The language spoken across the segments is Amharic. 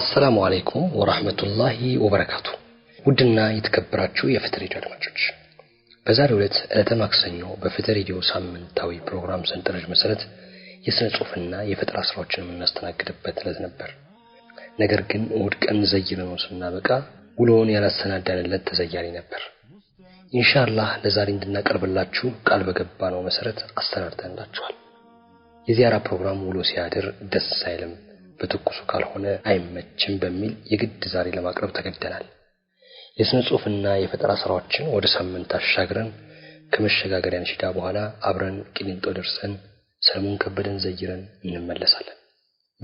አሰላሙ አለይኩም ወራህመቱላሂ ወበረካቱ። ውድና የተከበራችሁ የፍትህ ሬዲዮ አድማጮች በዛሬው ዕለት ዕለተ ማክሰኞ በፍትህ ሬዲዮ ሳምንታዊ ፕሮግራም ሰንጠረዥ መሰረት የሥነ ጽሑፍና የፈጠራ ሥራዎችን የምናስተናግድበት ዕለት ነበር። ነገር ግን ውድቀን ቀን ስናበቃ ውሎውን ያላሰናዳንለት ተዘያሪ ነበር። ኢንሻአላህ ለዛሬ እንድናቀርብላችሁ ቃል በገባ ነው መሰረት አሰናድተንላችኋል። የዚያራ ፕሮግራም ውሎ ሲያድር ደስ አይልም በትኩሱ ካልሆነ አይመችም በሚል የግድ ዛሬ ለማቅረብ ተገደናል። የሥነ ጽሑፍና የፈጠራ ሥራዎችን ወደ ሳምንት አሻግረን ከመሸጋገሪያ ሽዳ በኋላ አብረን ቂሊንጦ ደርሰን ሰለሞን ከበደን ዘይረን እንመለሳለን።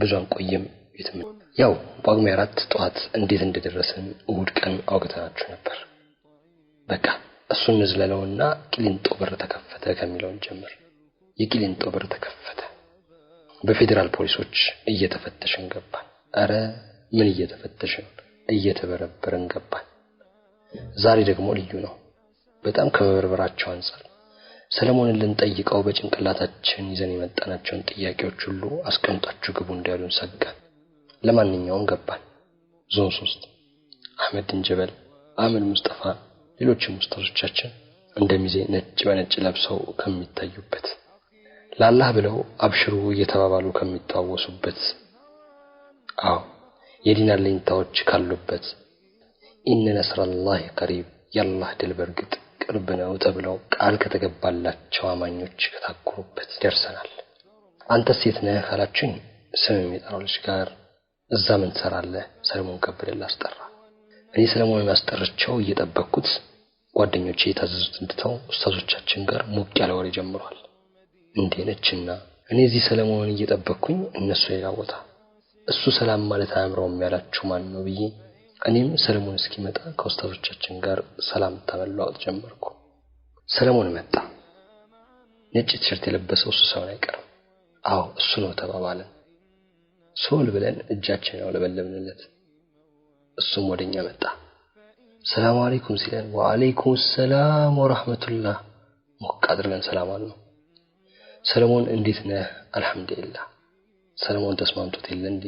ብዙ አንቆይም። የትም ያው ጳጉሜ አራት ጠዋት እንዴት እንደደረስን እሁድ ቀን አውግተናችሁ ነበር። በቃ እሱን እንዝለለውና ቂሊንጦ በር ተከፈተ ከሚለውን ጀምር። የቂሊንጦ በር ተከፈተ። በፌዴራል ፖሊሶች እየተፈተሽን ገባን። አረ ምን እየተፈተሽን እየተበረበረን ገባን። ዛሬ ደግሞ ልዩ ነው። በጣም ከመበርበራቸው አንጻር ሰለሞንን ልንጠይቀው በጭንቅላታችን ይዘን የመጣናቸውን ጥያቄዎች ሁሉ አስቀምጣችሁ ግቡ እንዳሉን ሰጋን። ለማንኛውም ገባን። ዞን ሶስት አህመድን ጀበል፣ አህመድ ሙስጠፋ፣ ሌሎችም ሙስጠሮቻችን እንደሚዜ ነጭ በነጭ ለብሰው ከሚታዩበት ለአላህ ብለው አብሽሩ እየተባባሉ ከሚታወሱበት አዎ የዲን አለኝታዎች ካሉበት ኢነ ነስረላህ ቀሪብ የአላህ ድል በእርግጥ ቅርብ ነው ተብለው ቃል ከተገባላቸው አማኞች ከታኮሩበት ደርሰናል። አንተ ሴት ነህ ካላችን ስም የሚጠራው ልጅ ጋር እዛ ምን ትሰራለህ? ሰለሞን ከበደ ላስጠራ። እኔ ሰለሞን ያስጠርቸው እየጠበቅኩት ጓደኞቼ የታዘዙት እንድተው ኡስታዞቻችን ጋር ሞቅ ያለ ወሬ ጀምሯል። እንዴ ነችና እኔ እዚህ ሰለሞንን እየጠበቅኩኝ እነሱ ሌላ ቦታ እሱ ሰላም ማለት አያምረውም ያላችሁ ማን ነው ብዬ እኔም ሰለሞን እስኪመጣ ከውስታዞቻችን ጋር ሰላም መለዋወጥ ጀመርኩ። ሰለሞን መጣ። ነጭ ቲሸርት የለበሰው እሱ ሰውን አይቀርም። አዎ እሱ ነው ተባባለን። ሶል ብለን እጃችን ያውለበለብንለት። እሱም ወደኛ መጣ። ሰላም አለይኩም ሲለን፣ ወአለይኩም ሰላም ወራህመቱላህ ሞቅ አድርገን ሰላም አለው ሰለሞን እንዴት ነህ? አልሐምዱሊላ። ሰለሞን ተስማምቶት የለ እንዴ?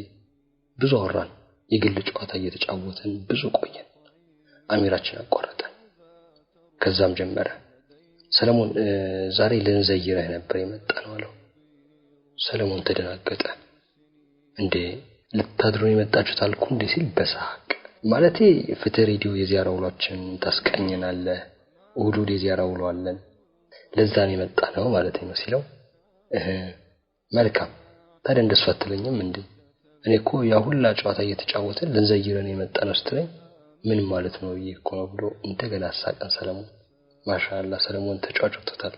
ብዙ አወራን፣ የግል ጨዋታ እየተጫወትን ብዙ ቆየን። አሚራችን አቋረጠን። ከዛም ጀመረ ሰለሞን ዛሬ ልንዘይረህ ነበር የመጣ ነው አለው። ሰለሞን ተደናገጠ። እንዴ ልታድሮ የመጣችሁት አልኩ እንዴ ሲል በሳቅ ማለቴ ፍትህ ሬዲዮ የዚያራ ውሏችን ታስቀኝናለህ፣ እሑድ እሑድ የዚያራ ውሎ ለዛን የመጣ ነው ማለት ነው ሲለው መልካም ታዲያ እንደሱ አትለኝም እንዴ? እኔ እኮ ያ ሁላ ጨዋታ እየተጫወትን ልንዘይረን የመጣ ነው ስትለኝ ምን ማለት ነው ብዬ እኮ ነው ብሎ እንደገና አሳቀን ሰለሞን። ማሻአላ ሰለሞን ተጫጭቶታል።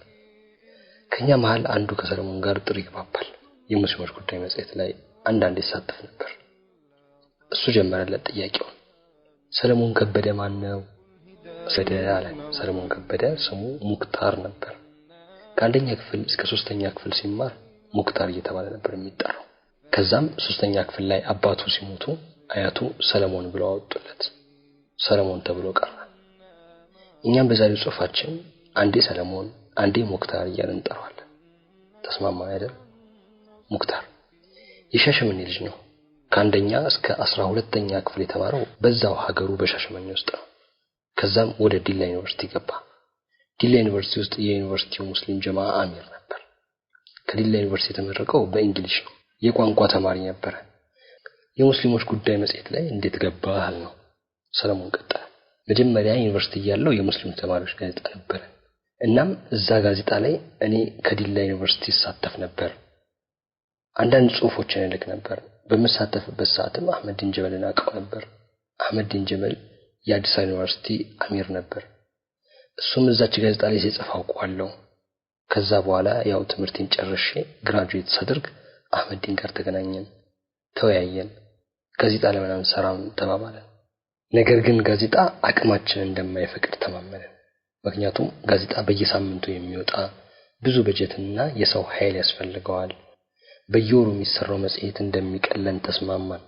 ከኛ መሀል አንዱ ከሰለሞን ጋር ጥሩ ይግባባል። የሙስሊሞች ጉዳይ መጽሔት ላይ አንዳንድ ይሳተፍ ነበር። እሱ ጀመረለት ጥያቄውን። ሰለሞን ከበደ ማን ነው? ሰለሞን ከበደ ስሙ ሙክታር ነበር። ከአንደኛ ክፍል እስከ ሶስተኛ ክፍል ሲማር ሙክታር እየተባለ ነበር የሚጠራው። ከዛም ሶስተኛ ክፍል ላይ አባቱ ሲሞቱ አያቱ ሰለሞን ብለው አወጡለት። ሰለሞን ተብሎ ቀረ። እኛም በዛሬው ጽሁፋችን አንዴ ሰለሞን አንዴ ሙክታር እያልን እንጠራዋለን። ተስማማ አይደል? ሙክታር የሻሸመኔ ልጅ ነው። ከአንደኛ እስከ አስራ ሁለተኛ ክፍል የተማረው በዛው ሀገሩ በሻሸመኔ ውስጥ ነው። ከዛም ወደ ዲላ ዩኒቨርሲቲ ገባ። ዲላ ዩኒቨርሲቲ ውስጥ የዩኒቨርሲቲው ሙስሊም ጀማ አሚር ነበር። ከዲላ ዩኒቨርሲቲ የተመረቀው በእንግሊሽ ነው። የቋንቋ ተማሪ ነበረ። የሙስሊሞች ጉዳይ መጽሔት ላይ እንዴት ገባህ ነው። ሰለሞን ቀጠለ። መጀመሪያ ዩኒቨርሲቲ ያለው የሙስሊም ተማሪዎች ጋዜጣ ነበረ። እናም እዛ ጋዜጣ ላይ እኔ ከዲላ ዩኒቨርሲቲ ይሳተፍ ነበር። አንዳንድ ጽሁፎችን እልክ ነበር። በምሳተፍበት ሰዓትም አህመድ ድንጀበልን አውቀው ነበር። አህመድ ጀበል የአዲስ አበባ ዩኒቨርሲቲ አሚር ነበር። እሱም እዛች ጋዜጣ ላይ ሲጽፍ አውቀዋለሁ። ከዛ በኋላ ያው ትምህርቴን ጨርሼ ግራጁዌት ሳደርግ አህመዲን ጋር ተገናኘን፣ ተወያየን። ጋዜጣ ለምናምን ሰራም ተባባለን። ነገር ግን ጋዜጣ አቅማችን እንደማይፈቅድ ተማመንን። ምክንያቱም ጋዜጣ በየሳምንቱ የሚወጣ ብዙ በጀትና የሰው ኃይል ያስፈልገዋል። በየወሩ የሚሰራው መጽሔት እንደሚቀለን ተስማማን።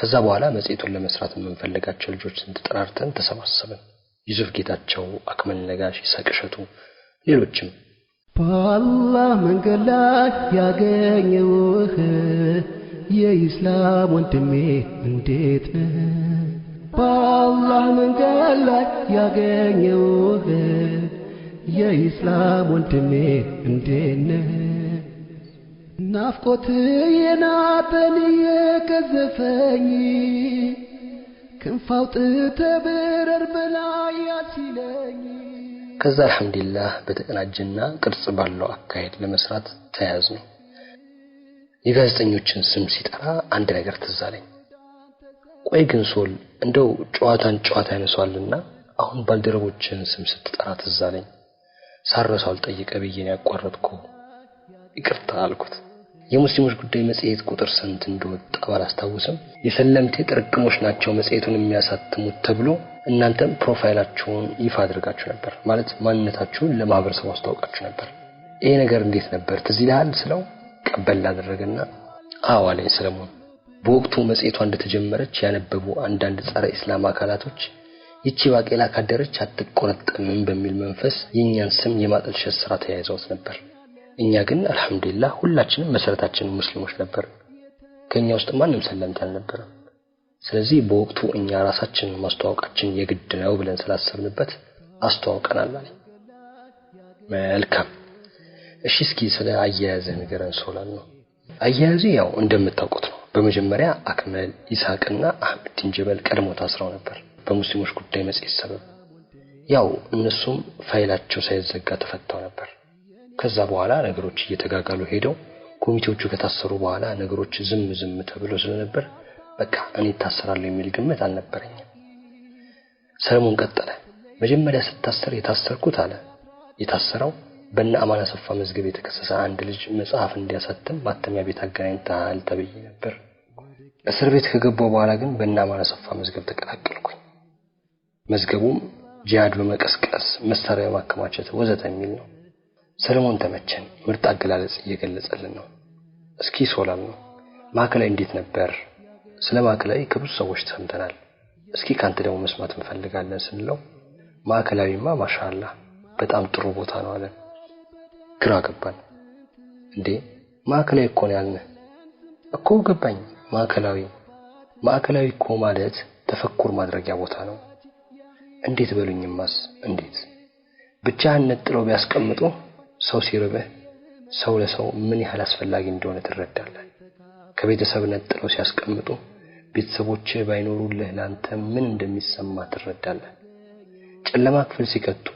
ከዛ በኋላ መጽሔቱን ለመስራት የምንፈልጋቸው ልጆች ተጠራርተን ተሰባሰብን። ዩሱፍ ጌታቸው፣ አክመል ነጋሽ፣ ይስሐቅ ሌሎችም በአላህ መንገድ ላይ ያገኘውህ የኢስላም ወንድሜ እንዴት ነህ? በአላህ መንገድ ላይ ያገኘውህ የኢስላም ወንድሜ እንዴት ነህ? ናፍቆት የናጠን የገዘፈኝ ክንፍ ብረር በላይ ሲለኝ ከዛ አልሐምዱሊላህ በተቀናጀና ቅርጽ ባለው አካሄድ ለመስራት ነው። የጋዜጠኞችን ስም ሲጠራ አንድ ነገር ትዛለኝ ቆይ ግን ሶል እንደው ጨዋታን ጨዋታ ያነሷልና አሁን ባልደረቦችን ስም ስትጠራ ትዛለኝ አለኝ። አልጠየቀ ብዬን ያቋረጥኩ ይቅርታ አልኩት። የሙስሊሞች ጉዳይ መጽሔት ቁጥር ስንት እንደወጣ ባላስታውስም የሰለምቴ ጥርቅሞች ናቸው መጽሔቱን የሚያሳትሙት ተብሎ እናንተም ፕሮፋይላችሁን ይፋ አድርጋችሁ ነበር፣ ማለት ማንነታችሁን ለማህበረሰቡ አስታውቃችሁ ነበር። ይሄ ነገር እንዴት ነበር ትዝ ይልሃል ስለው ቀበል ላደረገና አዎ አለኝ ሰለሞን። በወቅቱ መጽሔቷ እንደተጀመረች ያነበቡ አንዳንድ ጸረ ኢስላም አካላቶች ይቺ ባቄላ ካደረች አትቆረጥምም በሚል መንፈስ የእኛን ስም የማጠልሸት ስራ ተያይዘውት ነበር። እኛ ግን አልহামዱሊላህ ሁላችንም መሰረታችን ሙስሊሞች ነበር ከኛ ውስጥ ማንም ሰለምት አልነበረም ስለዚህ በወቅቱ እኛ ራሳችን ማስተዋወቃችን የግድ ነው ብለን ስላሰብንበት አስተዋውቀናል አለ መልካም እሺ እስኪ ስለ አያያዘ ንገረን ሶላል ነው አያያዙ ያው እንደምታውቁት ነው በመጀመሪያ አክመል ኢሳቅና አህመድ ጀበል ቀድሞ ታስረው ነበር በሙስሊሞች ጉዳይ መጽሔት ሰበብ ያው እነሱም ፋይላቸው ሳይዘጋ ተፈተው ነበር ከዛ በኋላ ነገሮች እየተጋጋሉ ሄደው ኮሚቴዎቹ ከታሰሩ በኋላ ነገሮች ዝም ዝም ተብሎ ስለነበር በቃ እኔ እታሰራለሁ የሚል ግምት አልነበረኝም። ሰለሞን ቀጠለ። መጀመሪያ ስታሰር የታሰርኩት አለ የታሰረው በእነ አማን አሰፋ መዝገብ የተከሰሰ አንድ ልጅ መጽሐፍ እንዲያሳትም ማተሚያ ቤት አገናኝተሃል ተብዬ ነበር። እስር ቤት ከገባሁ በኋላ ግን በእነ አማን አሰፋ መዝገብ ተቀላቀልኩኝ። መዝገቡም ጂሃድ በመቀስቀስ መሳሪያ በማከማቸት ወዘተ የሚል ነው። ሰለሞን ተመቸን። ምርጥ አገላለጽ እየገለጸልን ነው። እስኪ ሶላም ነው ማዕከላዊ እንዴት ነበር? ስለ ማዕከላዊ ከብዙ ሰዎች ተሰምተናል። እስኪ ካንተ ደግሞ መስማት እንፈልጋለን ስንለው ማዕከላዊማ ማሻላ በጣም ጥሩ ቦታ ነው አለን። ግራ ገባን። እንዴ ማዕከላዊ እኮ ነው ያልንህ እኮ ገባኝ። ማዕከላዊ ማዕከላዊ እኮ ማለት ተፈኩር ማድረጊያ ቦታ ነው። እንዴት በሉኝማስ እንዴት ብቻህን ነጥለው ቢያስቀምጡ ሰው ሲርብህ ሰው ለሰው ምን ያህል አስፈላጊ እንደሆነ ትረዳለህ። ከቤተሰብ ነጥለው ሲያስቀምጡ ቤተሰቦች ባይኖሩልህ ለአንተ ምን እንደሚሰማ ትረዳለህ። ጨለማ ክፍል ሲከቱ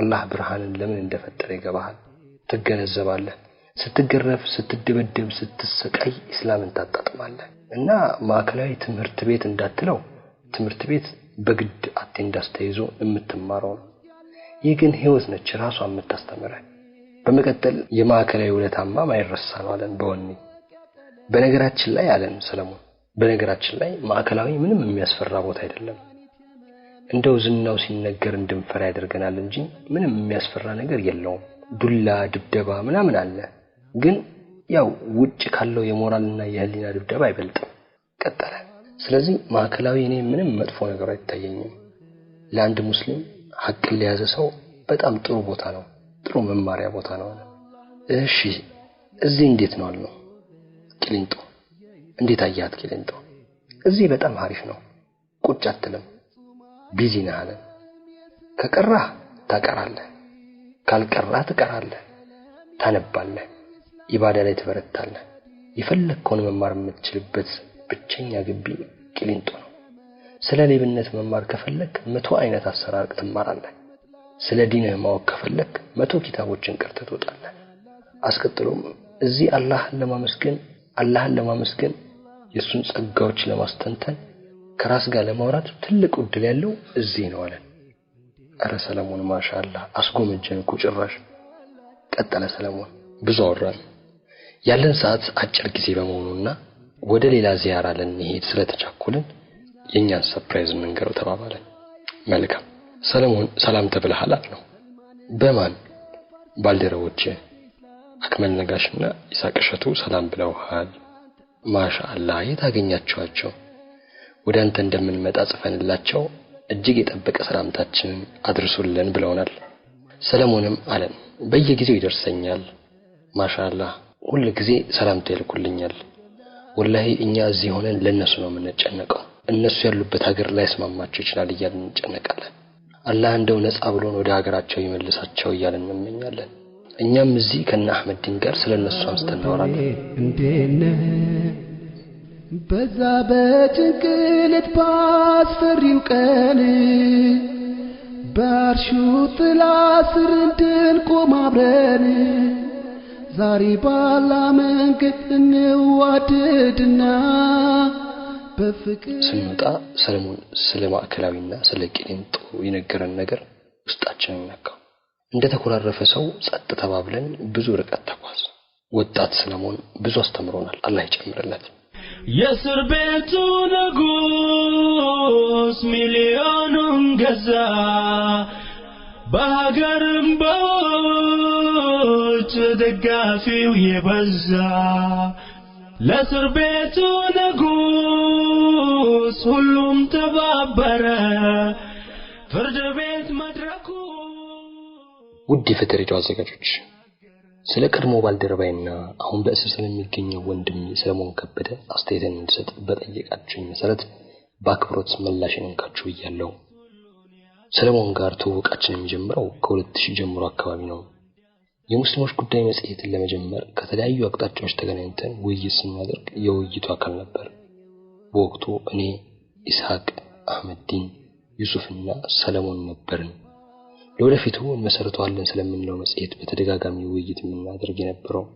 አላህ ብርሃንን ለምን እንደፈጠረ ይገባሃል፣ ትገነዘባለህ። ስትገረፍ፣ ስትደበደብ፣ ስትሰቃይ እስላምን ታጣጥማለህ። እና ማዕከላዊ ትምህርት ቤት እንዳትለው ትምህርት ቤት በግድ አቴንዳስ ተይዞ የምትማረው ነው። ይህ ግን ህይወት ነች ራሷ የምታስተምረህ። በመቀጠል የማዕከላዊ ውለታማ ማይረሳ ነው አለን በወኒ በነገራችን ላይ አለን ሰለሞን። በነገራችን ላይ ማዕከላዊ ምንም የሚያስፈራ ቦታ አይደለም። እንደው ዝናው ሲነገር እንድንፈራ ያደርገናል እንጂ ምንም የሚያስፈራ ነገር የለውም። ዱላ፣ ድብደባ ምናምን አለ፣ ግን ያው ውጭ ካለው የሞራልና የህሊና ድብደባ አይበልጥም። ቀጠለ። ስለዚህ ማዕከላዊ እኔ ምንም መጥፎ ነገር አይታየኝም። ለአንድ ሙስሊም ሀቅን ለያዘ ሰው በጣም ጥሩ ቦታ ነው። ጥሩ መማሪያ ቦታ ነው። እሺ እዚህ እንዴት ነው አልነው። ቅሊንጦ እንዴት አያት? ቅሊንጦ እዚህ በጣም አሪፍ ነው፣ ቁጭ አትልም፣ ቢዚ ነህ አለ። ከቀራህ ታቀራለህ፣ ካልቀራህ ትቀራለህ፣ ታነባለህ፣ ኢባዳ ላይ ትበረታለህ። የፈለግከውን መማር የምትችልበት ብቸኛ ግቢ ቅሊንጦ ነው። ስለ ሌብነት መማር ከፈለግ መቶ አይነት አሰራር ትማራለህ። ስለ ዲንህ ማወቅ ከፈለክ መቶ ኪታቦችን ቀርተህ ትወጣለህ። አስቀጥሎም እዚህ አላህን ለማመስገን አላህን ለማመስገን የእሱን ጸጋዎች ለማስተንተን ከራስ ጋር ለማውራት ትልቅ ዕድል ያለው እዚህ ነው አለን። ኧረ ሰለሞን ማሻአላህ አስጎመጀን እኮ ጭራሽ። ቀጠለ ሰለሞን። ብዙ አወራን። ያለን ሰዓት አጭር ጊዜ በመሆኑና ወደ ሌላ ዚያራ ልንሄድ ስለተቻኮልን የእኛን ሰርፕራይዝ ምንገረው ተባባለን። መልካም ሰለሞን ሰላም ተብለሃል አለው። በማን ባልደረቦች አክመል ነጋሽና ይስሐቅ እሸቱ ሰላም ብለውሃል። ማሻአላ የት አገኛቸዋቸው ወደ አንተ እንደምንመጣ ጽፈንላቸው እጅግ የጠበቀ ሰላምታችንን አድርሱልን ብለውናል። ሰለሞንም አለን በየጊዜው ይደርሰኛል። ማሻአላ ሁል ጊዜ ሰላምታ ይልኩልኛል። ወላሂ እኛ እዚህ ሆነን ለእነሱ ነው የምንጨነቀው። እነሱ ያሉበት ሀገር ላይ ስማማቸው ይችላል እያልን እንጨነቃለን። አላህ እንደው ነጻ ብሎን ወደ ሀገራቸው ይመልሳቸው እያለን እንመኛለን። እኛም እዚህ ከነ ዲን ጋር ስለ እነሱ አንስተን እናወራለን። እንዴነ በዛ በጭንቅለት ባስፈሪው ቀን በአርሹ ጥላ ስር እንድንቆም አብረን ዛሬ ባላ መንገድ እንዋደድና ስንመጣ ሰለሞን ስለ ማዕከላዊና ስለ ቂሊንጦ የነገረን ነገር ውስጣችንን ነካው። እንደ ተኮራረፈ ሰው ጸጥ ተባብለን ብዙ ርቀት ተጓዝ። ወጣት ሰለሞን ብዙ አስተምሮናል። አላህ ይጨምርለት። የእስር ቤቱ ንጉስ ሚሊዮኑን ገዛ፣ በሀገርም በውጭ ደጋፊው የበዛ ለእስር ቤቱ ንጉሥ ሁሉም ተባበረ፣ ፍርድ ቤት መድረኩ። ውድ የፍትህ ሬዲዮ አዘጋጆች ስለ ቀድሞ ባልደረባይና አሁን በእስር ስለሚገኘው ወንድም ሰለሞን ከበደ አስተያየትን እንድሰጥ በጠየቃችሁኝ መሰረት በአክብሮት ምላሽን እንካችሁ ብያለሁ። ሰለሞን ጋር ትውውቃችን የሚጀምረው ከሁለት ሺህ ጀምሮ አካባቢ ነው። የሙስሊሞች ጉዳይ መጽሔትን ለመጀመር ከተለያዩ አቅጣጫዎች ተገናኝተን ውይይት ስናደርግ የውይይቱ አካል ነበር። በወቅቱ እኔ ኢስሐቅ፣ አህመድዲን፣ ዩሱፍና ሰለሞን ነበርን። ለወደፊቱ እንመሰርተዋለን ስለምንለው መጽሔት በተደጋጋሚ ውይይት የምናደርግ የነበረው